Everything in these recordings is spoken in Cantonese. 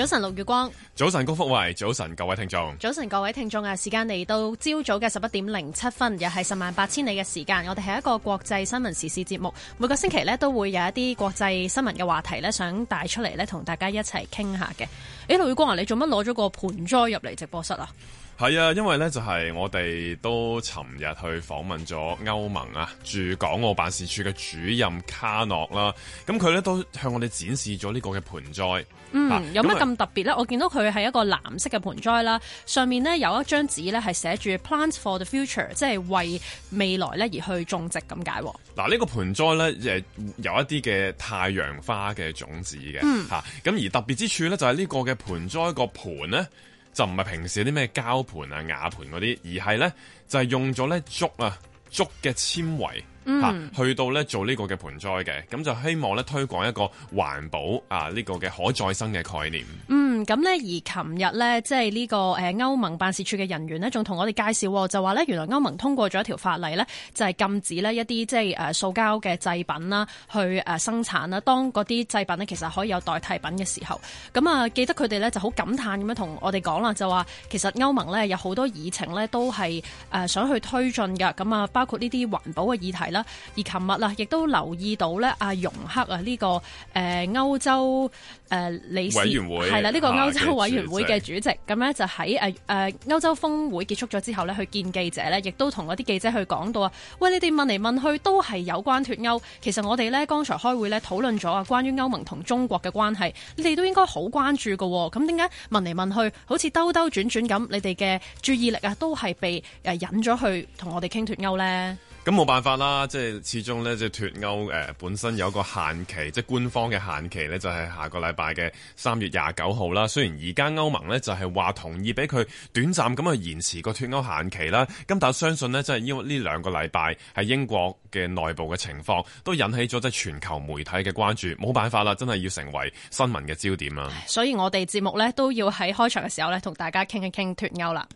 早晨，陸月光。早晨，高福慧。早晨，各位聽眾。早晨，各位聽眾啊，時間嚟到朝早嘅十一點零七分，又係十萬八千里嘅時間。我哋係一個國際新聞時事節目，每個星期呢都會有一啲國際新聞嘅話題呢，想帶出嚟呢，同大家一齊傾下嘅。誒、欸，陸月光啊，你做乜攞咗個盆栽入嚟直播室啊？係啊，因為咧就係、是、我哋都尋日去訪問咗歐盟啊駐港澳辦事處嘅主任卡諾啦。咁佢咧都向我哋展示咗呢個嘅盆栽。嗯，啊、有乜咁特別咧？嗯、我見到佢係一個藍色嘅盆栽啦，上面咧有一張紙咧係寫住 plants for the future，即係為未來咧而去種植咁解。嗱、啊，這個、呢個盆栽咧有一啲嘅太陽花嘅種子嘅，咁、嗯啊、而特別之處咧就係、是、呢個嘅盆栽個盆咧。就唔係平時啲咩膠盤啊、瓦盤嗰啲，而係咧就係、是、用咗咧竹啊、竹嘅纖維啊去到咧做呢個嘅盆栽嘅，咁就希望咧推廣一個環保啊呢、這個嘅可再生嘅概念。嗯咁呢，而琴日呢，即係呢個誒歐盟辦事處嘅人員呢，仲同我哋介紹，就話呢，原來歐盟通過咗一條法例呢，就係禁止呢一啲即係誒塑膠嘅製品啦，去誒生產啦。當嗰啲製品呢，其實可以有代替品嘅時候，咁啊，記得佢哋呢就好感嘆咁樣同我哋講啦，就話其實歐盟呢，有好多議程呢都係誒想去推進嘅，咁啊，包括呢啲環保嘅議題啦。而琴日啊，亦都留意到呢阿容克啊，呢個誒歐洲誒理事委員會係啦，呢歐洲委員會嘅主席咁咧，就喺誒誒歐洲峰會結束咗之後咧，去見記者咧，亦都同嗰啲記者去講到啊，喂，你哋問嚟問去都係有關脱歐。其實我哋咧剛才開會咧討論咗啊，關於歐盟同中國嘅關係，你哋都應該好關注喎。咁點解問嚟問去，好似兜兜轉轉咁，你哋嘅注意力啊，都係被誒引咗去同我哋傾脱歐咧？咁冇辦法啦，即係始終呢即係脱歐本身有個限期，即係官方嘅限期呢就係下個禮拜嘅三月廿九號啦。雖然而家歐盟呢就係話同意俾佢短暫咁去延遲個脱歐限期啦，咁但係我相信呢，即係因為呢兩個禮拜喺英國嘅內部嘅情況都引起咗即係全球媒體嘅關注，冇辦法啦，真係要成為新聞嘅焦點啊！所以我哋節目呢都要喺開場嘅時候呢，同大家傾一傾脱歐啦。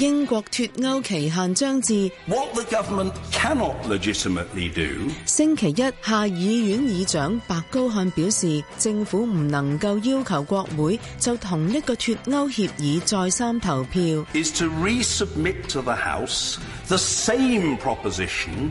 英國脱歐期限將至。What the government cannot legitimately do? 星期一，下議院議長白高漢表示，政府唔能夠要求國會就同一個脱歐協議再三投票。Is to resubmit to the house the same proposition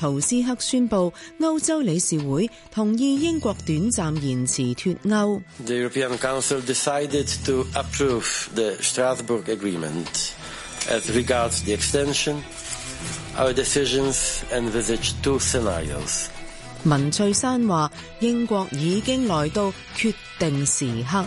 圖斯克宣布，歐洲理事會同意英國短暫延遲脫歐。文翠珊話：英國已經來到決定時刻。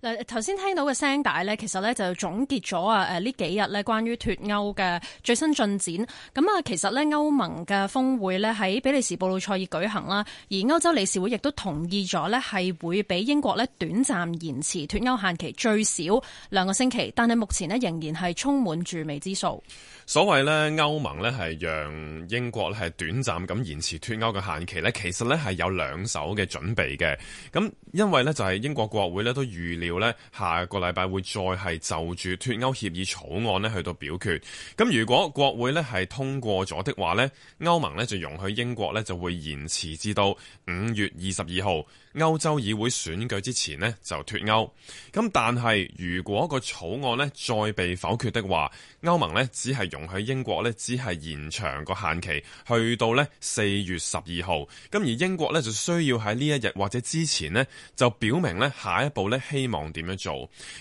嗱，頭先聽到嘅聲帶呢，其實呢就總結咗啊誒呢幾日呢，關於脫歐嘅最新進展。咁啊，其實呢，歐盟嘅峰會呢喺比利時布魯塞爾舉行啦，而歐洲理事會亦都同意咗呢，係會俾英國呢短暫延遲脫歐限期最少兩個星期，但係目前呢，仍然係充滿住未知數。所謂呢，歐盟呢係讓英國呢係短暫咁延遲脫歐嘅限期呢，其實呢係有兩手嘅準備嘅。咁因為呢，就係英國國會呢都預料。要咧下個禮拜會再係就住脱歐協議草案咧去到表決。咁如果國會咧係通過咗的話咧，歐盟咧就容許英國咧就會延遲至到五月二十二號，歐洲議會選舉之前呢，就脫歐，咁但係如果個草案呢再被否決的話，歐盟呢只係容許英國呢只係延長個限期去到呢四月十二號，咁而英國呢，就需要喺呢一日或者之前呢，就表明呢下一步呢希望點樣做，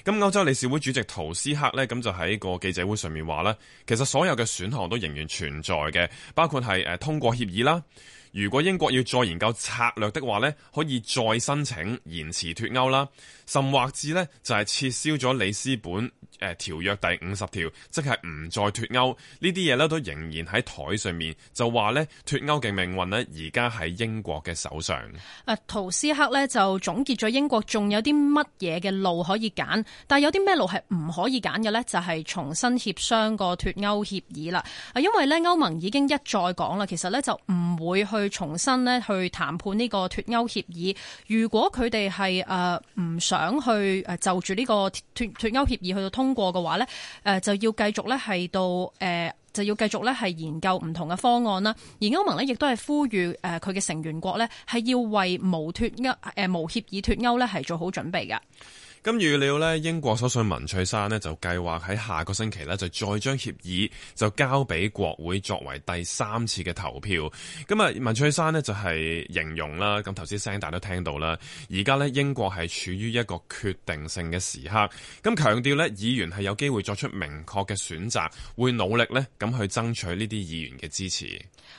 咁歐洲理事會主席圖斯克呢，咁就喺個記者會上面話咧，其實所有嘅選項都仍然存在嘅，包括係誒通過協議啦。如果英國要再研究策略的話呢，可以再申請延遲脱歐啦，甚或至呢，就係撤銷咗里斯本誒條約第五十條，即係唔再脱歐。呢啲嘢呢都仍然喺台上面，就話呢脱歐嘅命運呢而家喺英國嘅手上。誒，圖斯克呢就總結咗英國仲有啲乜嘢嘅路可以揀，但有啲咩路係唔可以揀嘅呢？就係重新協商個脱歐協議啦。啊，因為呢，歐盟已經一再講啦，其實呢就唔會去，重新呢，去談判呢個脱歐協議，如果佢哋係誒唔想去誒就住呢個脱脱歐協議去到通過嘅話呢誒、呃、就要繼續呢，係到誒就要繼續呢，係研究唔同嘅方案啦。而歐盟呢，亦都係呼籲誒佢嘅成員國呢，係要為無脱歐誒無協議脱歐咧係做好準備㗎。咁預料呢，英國首相文翠珊呢就計劃喺下個星期呢，就再將協議就交俾國會作為第三次嘅投票。咁啊，文翠珊呢就係形容啦，咁頭先聲帶都聽到啦。而家呢，英國係處於一個決定性嘅時刻，咁強調呢，議員係有機會作出明確嘅選擇，會努力呢咁去爭取呢啲議員嘅支持。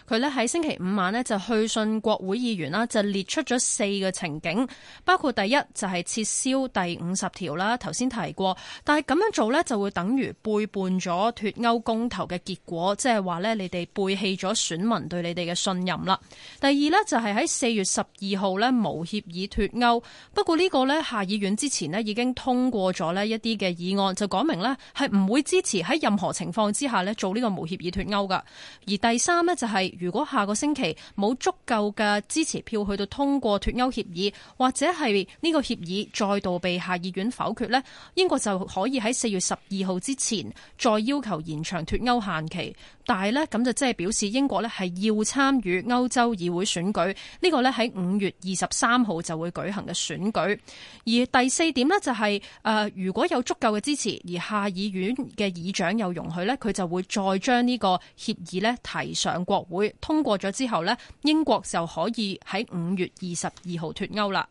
佢呢喺星期五晚呢，就去信國會議員啦，就列出咗四個情景，包括第一就係撤銷第五十條啦，頭先提過，但係咁樣做呢，就會等於背叛咗脱歐公投嘅結果，即係話呢，你哋背棄咗選民對你哋嘅信任啦。第二呢，就係喺四月十二號呢，無協議脱歐，不過呢個呢，下議院之前呢，已經通過咗呢一啲嘅議案，就講明呢，係唔會支持喺任何情況之下呢做呢個無協議脱歐噶。而第三呢，就係如果下個星期冇足夠嘅支持票去到通過脱歐協議，或者係呢個協議再度被下。議院否決呢，英國就可以喺四月十二號之前再要求延長脱歐限期。但係呢，咁就即係表示英國呢係，要參與歐洲議會選舉，呢個呢，喺五月二十三號就會舉行嘅選舉。而第四點呢、就係，就、呃、係如果有足夠嘅支持，而下議院嘅議長又容許呢，佢就會再將呢個協議呢提上國會通過咗之後呢，英國就可以喺五月二十二號脱歐啦。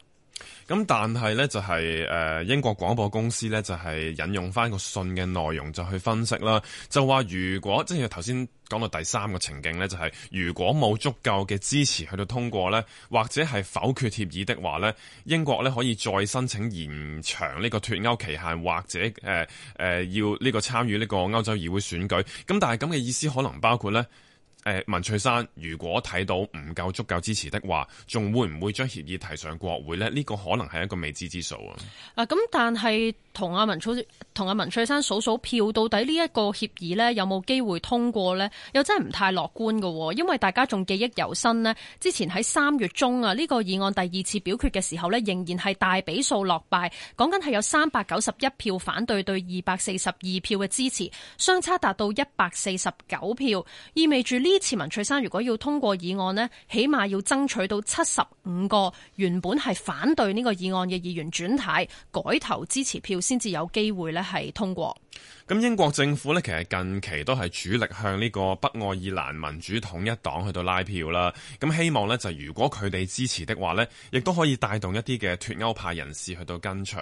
咁但係呢，就係誒英國廣播公司呢，就係引用翻個信嘅內容，就去分析啦，就話如果即係頭先講到第三個情景呢，就係如果冇足夠嘅支持去到通過呢，或者係否決協議的話呢，英國呢可以再申請延長呢個脫歐期限，或者誒誒要呢個參與呢個歐洲議會選舉。咁但係咁嘅意思可能包括呢。誒文翠山，如果睇到唔夠足，足夠支持的話，仲會唔會將協議提上國會呢？呢個可能係一個未知之數啊！咁、啊、但係同阿文翠同阿文翠山數數票，到底呢一個協議呢，有冇機會通過呢？又真係唔太樂觀喎，因為大家仲記憶猶新呢。之前喺三月中啊，呢個議案第二次表決嘅時候呢，仍然係大比數落敗，講緊係有三百九十一票反對對二百四十二票嘅支持，相差達到一百四十九票，意味住呢？支持文翠珊，如果要通過議案呢，起碼要爭取到七十五個原本係反對呢個議案嘅議員轉態改投支持票，先至有機會咧係通過。咁英國政府呢，其實近期都係主力向呢個北愛爾蘭民主統一黨去到拉票啦。咁希望呢，就如果佢哋支持的話呢，亦都可以帶動一啲嘅脫歐派人士去到跟隨。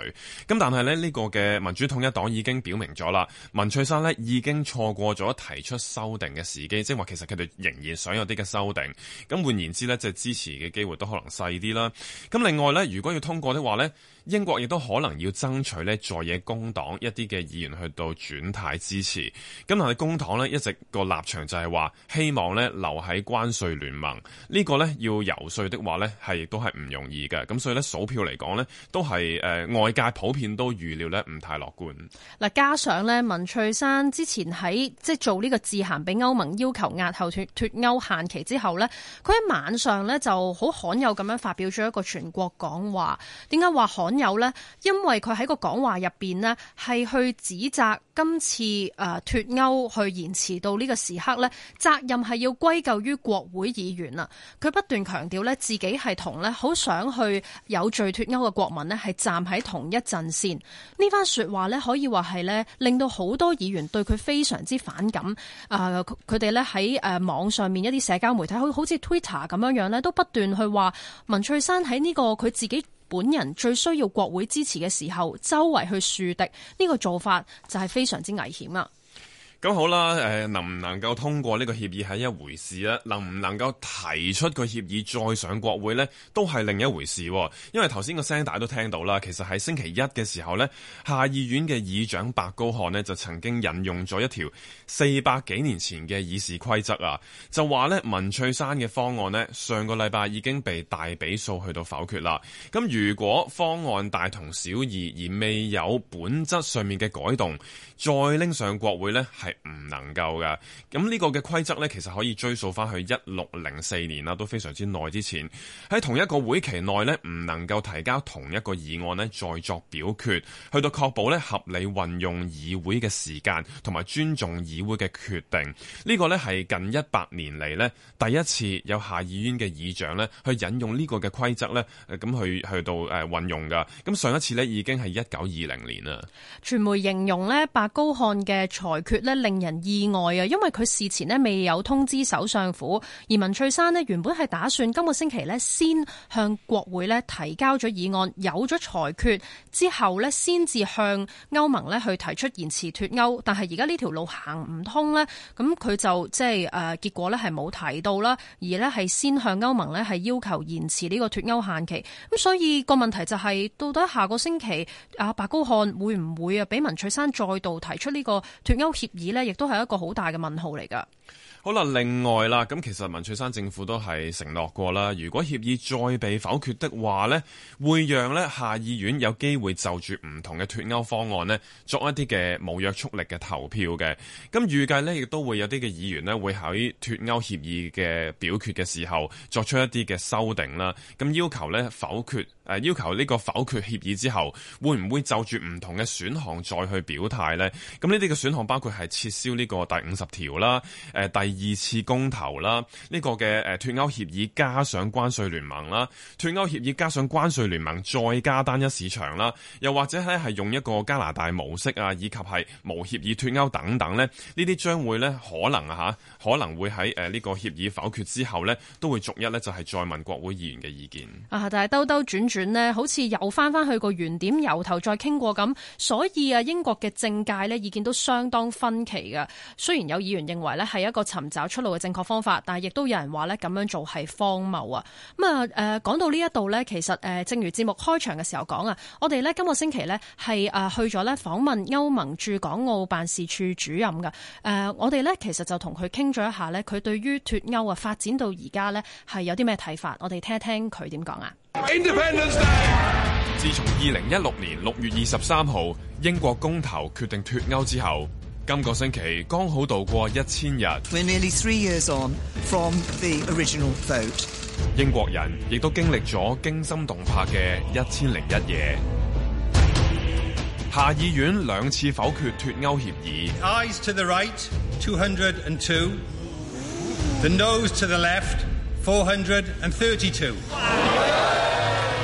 咁但係呢，呢、呢個嘅民主統一黨已經表明咗啦，文翠珊呢已經錯過咗提出修訂嘅時機，即係話其實佢哋仍然想有啲嘅修訂。咁換言之呢，就係、支持嘅機會都可能細啲啦。咁另外呢，如果要通過的話呢。英國亦都可能要爭取呢，在野工黨一啲嘅議員去到轉態支持。咁但係工黨呢，一直個立場就係話希望呢留喺關稅聯盟。呢個呢，要游説的話呢，係亦都係唔容易嘅。咁所以呢，數票嚟講呢，都係誒外界普遍都預料呢，唔太樂觀。嗱，加上呢，文翠珊之前喺即係做呢個致函俾歐盟要求押後脱脱歐限期之後呢，佢喺晚上呢就好罕有咁樣發表咗一個全國講話。點解話罕？有呢，因為佢喺個講話入邊呢，係去指責今次誒脫歐去延遲到呢個時刻呢，責任係要歸咎於國會議員啦。佢不斷強調呢，自己係同呢好想去有罪脫歐嘅國民呢，係站喺同一陣線。呢番說話呢，可以話係呢令到好多議員對佢非常之反感。誒，佢哋呢，喺誒網上面一啲社交媒體，好似 Twitter 咁樣樣呢，都不斷去話文翠珊喺呢個佢自己。本人最需要國會支持嘅時候，周圍去樹敵，呢個做法就係非常之危險啊！咁好啦，能唔能夠通過呢個協議係一回事啦，啊，能唔能夠提出個協議再上國會咧，都係另一回事，啊。因為頭先個聲大家都聽到啦，其實喺星期一嘅時候咧，下議院嘅議長白高漢咧就曾經引用咗一條四百幾年前嘅議事規則啊，就話咧文翠山嘅方案咧上個禮拜已經被大比數去到否決啦。咁如果方案大同小異而未有本質上面嘅改動，再拎上國會咧係，唔能夠噶咁、呢、呢個嘅規則呢，其實可以追溯翻去一六零四年啦，都非常之耐之前。喺同一個會期內呢，唔能夠提交同一個議案呢，再作表決，去到確保呢合理運用議會嘅時間，同埋尊重議會嘅決定。呢、呢個呢，係近一百年嚟，呢第一次有下議院嘅議長呢去引用呢個嘅規則呢，咁去去到誒運用噶。咁上一次呢，已經係一九二零年啦。傳媒形容呢，白高漢嘅裁決呢，令人意外啊，因為佢事前咧未有通知首相府，而文翠珊咧原本係打算今個星期咧先向國會咧提交咗議案，有咗裁決之後咧先至向歐盟咧去提出延遲脫歐。但係而家呢條路行唔通咧，咁佢就即係誒結果咧係冇提到啦，而咧係先向歐盟咧係要求延遲呢個脫歐限期。咁所以個問題就係，是，到底下個星期阿白高漢會唔會啊俾文翠珊再度提出呢個脫歐協議？亦都係一個好大嘅問號嚟噶。好啦，另外啦，咁其實文翠山政府都係承諾過啦，如果協議再被否決的話呢，會讓呢下議院有機會就住唔同嘅脫歐方案呢作一啲嘅無約束力嘅投票嘅。咁、嗯、預計呢，亦都會有啲嘅議員呢會喺脫歐協議嘅表決嘅時候作出一啲嘅修訂啦。咁要求呢否決，要求呢否、呃、要求呢個否決協議之後，會唔會就住唔同嘅選項再去表態呢？咁呢啲嘅選項包括係撤銷呢個第五十條啦、呃，第。二次公投啦，呢個嘅誒脱歐協議加上關稅聯盟啦，脱歐協議加上關稅聯盟再加單一市場啦，又或者咧係用一個加拿大模式啊，以及係無協議脱歐等等咧，呢啲將會咧可能吓可能會喺誒呢個協議否決之後咧，都會逐一咧就係再問國會議員嘅意見啊，但係兜兜轉轉咧，好似又翻翻去個原點由頭再傾過咁，所以啊，英國嘅政界咧意見都相當分歧嘅。雖然有議員認為咧係一個尋。找出路嘅正確方法，但係亦都有人話呢，咁樣做係荒謬啊！咁、嗯、啊，誒、呃，講到呢一度呢，其實誒、呃，正如節目開場嘅時候講啊，我哋呢，今個星期呢，係誒、呃、去咗呢訪問歐盟駐港澳辦事處主任㗎，誒、呃，我哋呢，其實就同佢傾咗一下呢，佢對於脫歐啊發展到而家呢，係有啲咩睇法，我哋聽一聽佢點講啊！Independence Day! 自從二零一六年六月二十三號英國公投決定脫歐之後。今個星期剛好度過一千日，英國人亦都經歷咗驚心動魄嘅一千零一夜。下議院兩次否決脱歐協議。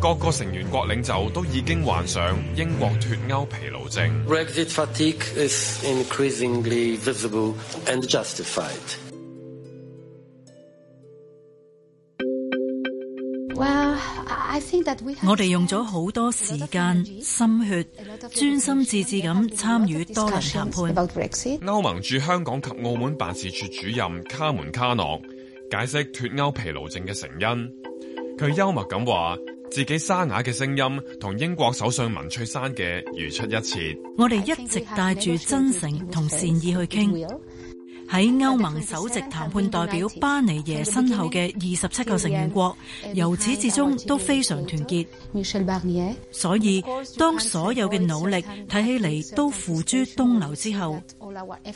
各個成員國領袖都已經患上英國脫歐疲勞症。Well, I think that 我哋用咗好多時間、energy，心血、a lot of 專心致志咁參與多輪談判。歐盟駐香港及澳門辦事處主任卡門卡諾解釋脫歐疲勞症嘅成因，佢幽默咁話。自己沙啞嘅聲音，同英國首相文翠珊嘅如出一轍。我哋一直帶住真誠同善意去傾。喺歐盟首席談判代表巴尼耶身後嘅二十七個成員國，由始至終都非常團結。所以當所有嘅努力睇起嚟都付諸東流之後，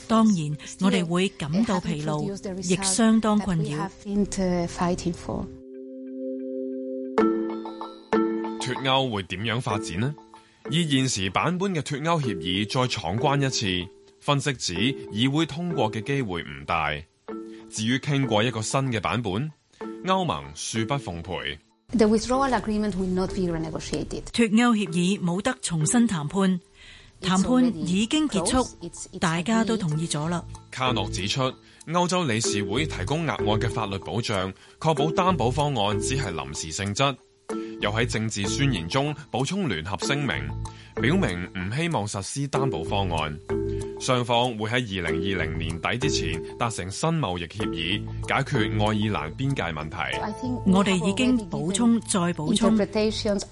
當然我哋會感到疲勞，亦相當困擾。脫歐會點樣發展呢？以現時版本嘅脫歐協議再闖關一次，分析指議會通過嘅機會唔大。至於傾過一個新嘅版本，歐盟恕不奉陪。脫歐協議冇得重新談判，談判已經結束，大家都同意咗啦。卡諾指出，歐洲理事會提供額外嘅法律保障，確保擔保方案只係臨時性質。又喺政治宣言中補充聯合聲明，表明唔希望實施擔保方案。雙方會喺二零二零年底之前達成新貿易協議，解決愛爾蘭邊界問題。我哋已經補充再補充，承諾再承諾。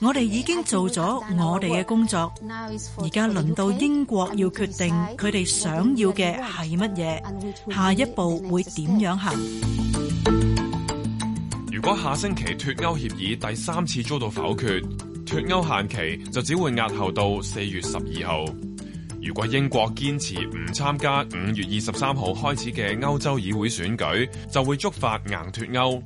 我哋已經做咗我哋嘅工作，而家輪到英國要決定佢哋想要嘅係乜嘢，下一步會點樣行？如果下星期脫歐協議第三次遭到否決，脱歐限期就只會押後到四月十二號。如果英國堅持唔參加五月二十三號開始嘅歐洲議會選舉，就會觸發硬脱歐。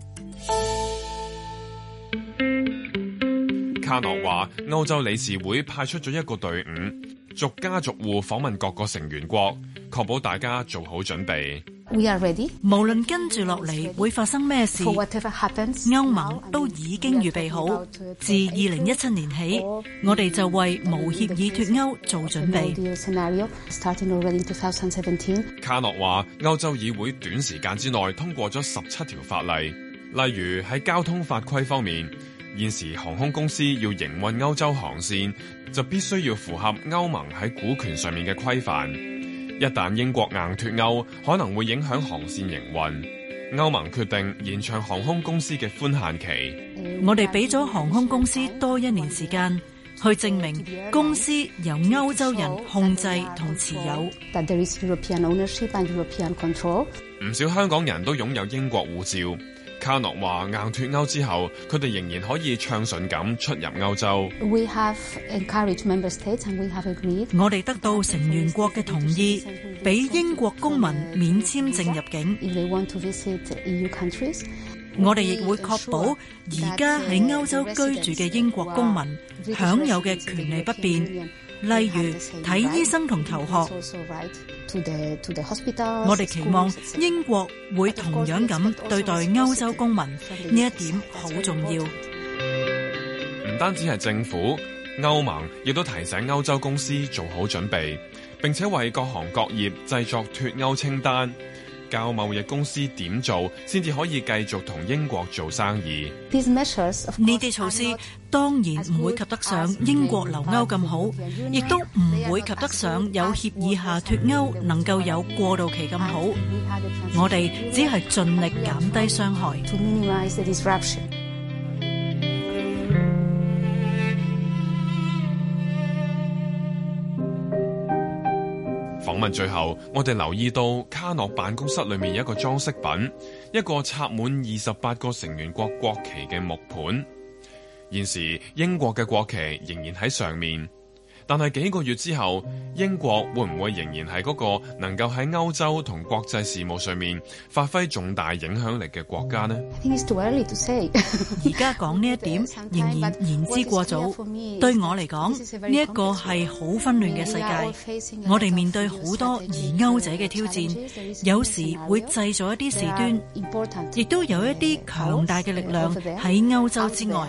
卡諾話：歐洲理事會派出咗一個隊伍，逐家逐戶訪問各個成員國，確保大家做好準備。We are ready. 無論跟住落嚟會發生咩事，For whatever happens, 歐盟都已經預備好。2022, 自二零一七年起，or, 我哋就為無協議脱歐做準備。卡諾話：歐洲議會短時間之內通過咗十七條法例，例如喺交通法規方面，現時航空公司要營運歐洲航線，就必須要符合歐盟喺股權上面嘅規範。一旦英國硬脱歐，可能會影響航線營運。歐盟決定延長航空公司嘅寬限期。我哋俾咗航空公司多一年時間，去證明公司由歐洲人控制同持有。唔少香港人都擁有英國護照。卡諾話，硬脱歐之後，佢哋仍然可以暢順咁出入歐洲。我哋得到成員國嘅同意，俾英國公民免簽證入境。我哋亦會確保而家喺歐洲居住嘅英國公民享有嘅權利不變。例如睇醫生同求學，我哋期望英國會同樣噉對待歐洲公民，呢一點好重要。唔單止係政府，歐盟亦都提醒歐洲公司做好準備，並且為各行各業製作脫歐清單。教貿易公司點做，先至可以繼續同英國做生意。呢啲措施當然唔會及得上英國留歐咁好，亦都唔會及得上有協議下脫歐能夠有過渡期咁好。我哋只係盡力減低傷害。最後，我哋留意到卡諾辦公室裏面有一個裝飾品，一個插滿二十八個成員國國旗嘅木盤，現時英國嘅國旗仍然喺上面。但係幾個月之後，英國會唔會仍然係嗰個能夠喺歐洲同國際事務上面發揮重大影響力嘅國家呢？而家講呢一點仍然言之過早。 對我嚟講，呢一個係好混亂嘅世界。I mean, like、我哋面對好多疑歐仔嘅挑戰，有時會製造一啲事端，亦 are 都有一啲強大嘅力量喺歐洲之外。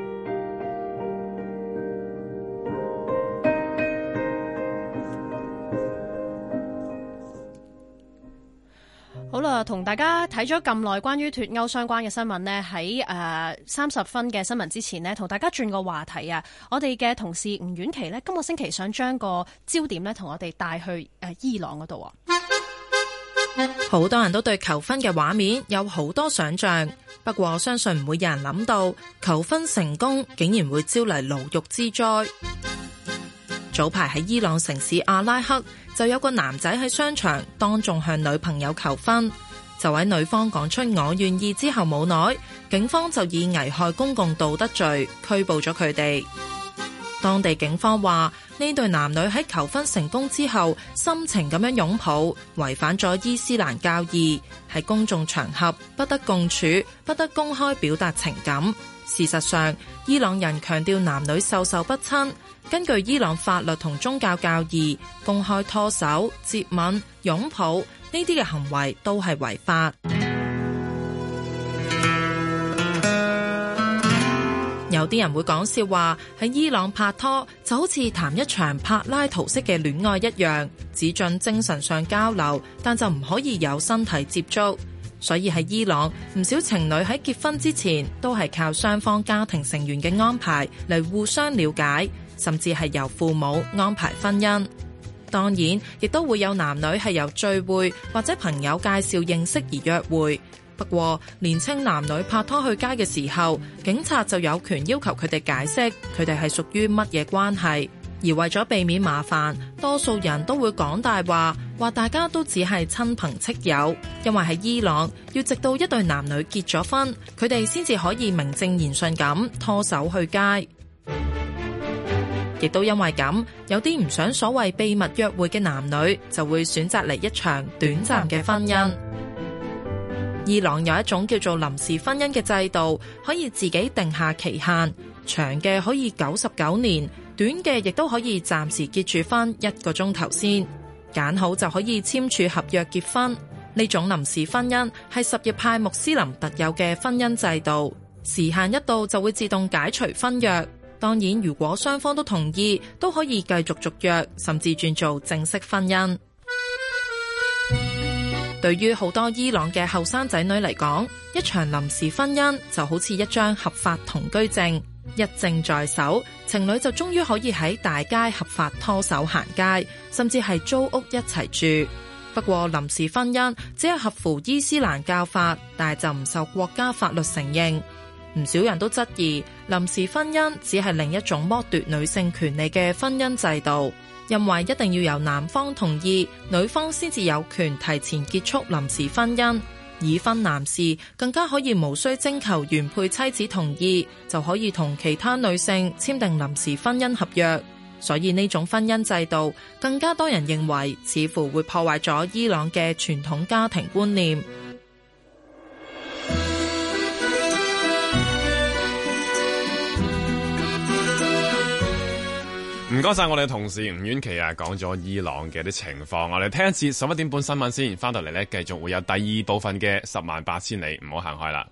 好啦，同大家睇咗咁耐關於脫歐相關嘅新聞呢，喺誒三十分嘅新聞之前呢，同大家轉個話題啊。我哋嘅同事吳沅琪呢，今個星期想將個焦點呢，同我哋帶去誒、呃、伊朗嗰度。好多人都對求婚嘅畫面有好多想象，不過我相信唔會有人諗到求婚成功竟然會招嚟牢獄之災。早排喺伊朗城市阿拉克就有個男仔喺商場當眾向女朋友求婚，就喺女方講出我願意之後冇耐，警方就以危害公共道德罪拘捕咗佢哋。當地警方話呢對男女喺求婚成功之後，深情咁樣擁抱，違反咗伊斯蘭教義，喺公眾場合不得共處，不得公開表達情感。事實上，伊朗人強調男女授受不親。根據伊朗法律同宗教教義，公開拖手、接吻、擁抱呢啲嘅行為都係違法。 有啲人會講笑話，喺伊朗拍拖就好似談一場柏拉圖式嘅戀愛一樣，只進精神上交流，但就唔可以有身體接觸。所以喺伊朗唔少情侶喺結婚之前都係靠雙方家庭成員嘅安排嚟互相了解。甚至係由父母安排婚姻，當然亦都會有男女係由聚會或者朋友介紹認識而約會。不過，年青男女拍拖去街嘅時候，警察就有權要求佢哋解釋佢哋係屬於乜嘢關係。而為咗避免麻煩，多數人都會講大話，話大家都只係親朋戚友。因為喺伊朗，要直到一對男女結咗婚，佢哋先至可以名正言順咁拖手去街。亦都因為咁，有啲唔想所謂秘密約會嘅男女就會選擇嚟一場短暫嘅婚姻。婚姻，伊朗有一種叫做臨時婚姻嘅制度，可以自己定下期限，長嘅可以九十九年，短嘅亦都可以暫時結住婚一個鐘頭先，揀好就可以簽署合約結婚。呢種臨時婚姻係什葉派穆斯林特有嘅婚姻制度，時限一到就會自動解除婚約。當然，如果雙方都同意，都可以繼續續約，甚至轉做正式婚姻。對於好多伊朗嘅後生仔女嚟講，一場臨時婚姻就好似一張合法同居證，一證在手，情侶就終於可以喺大街合法拖手行街，甚至係租屋一齊住。不過，臨時婚姻只係合乎伊斯蘭教法，但係就唔受國家法律承認。唔少人都質疑臨時婚姻只係另一種剝奪女性權利嘅婚姻制度，因為一定要由男方同意，女方先至有權提前結束臨時婚姻。已婚男士更加可以無需徵求原配妻子同意，就可以同其他女性簽訂臨時婚姻合約。所以呢種婚姻制度更加多人認為，似乎會破壞咗伊朗嘅傳統家庭觀念。唔該晒我哋同事吳沅琪啊，講咗伊朗嘅啲情況，我哋聽一次十一點半新聞先，翻到嚟咧繼續會有第二部分嘅十萬八千里，唔好行開啦。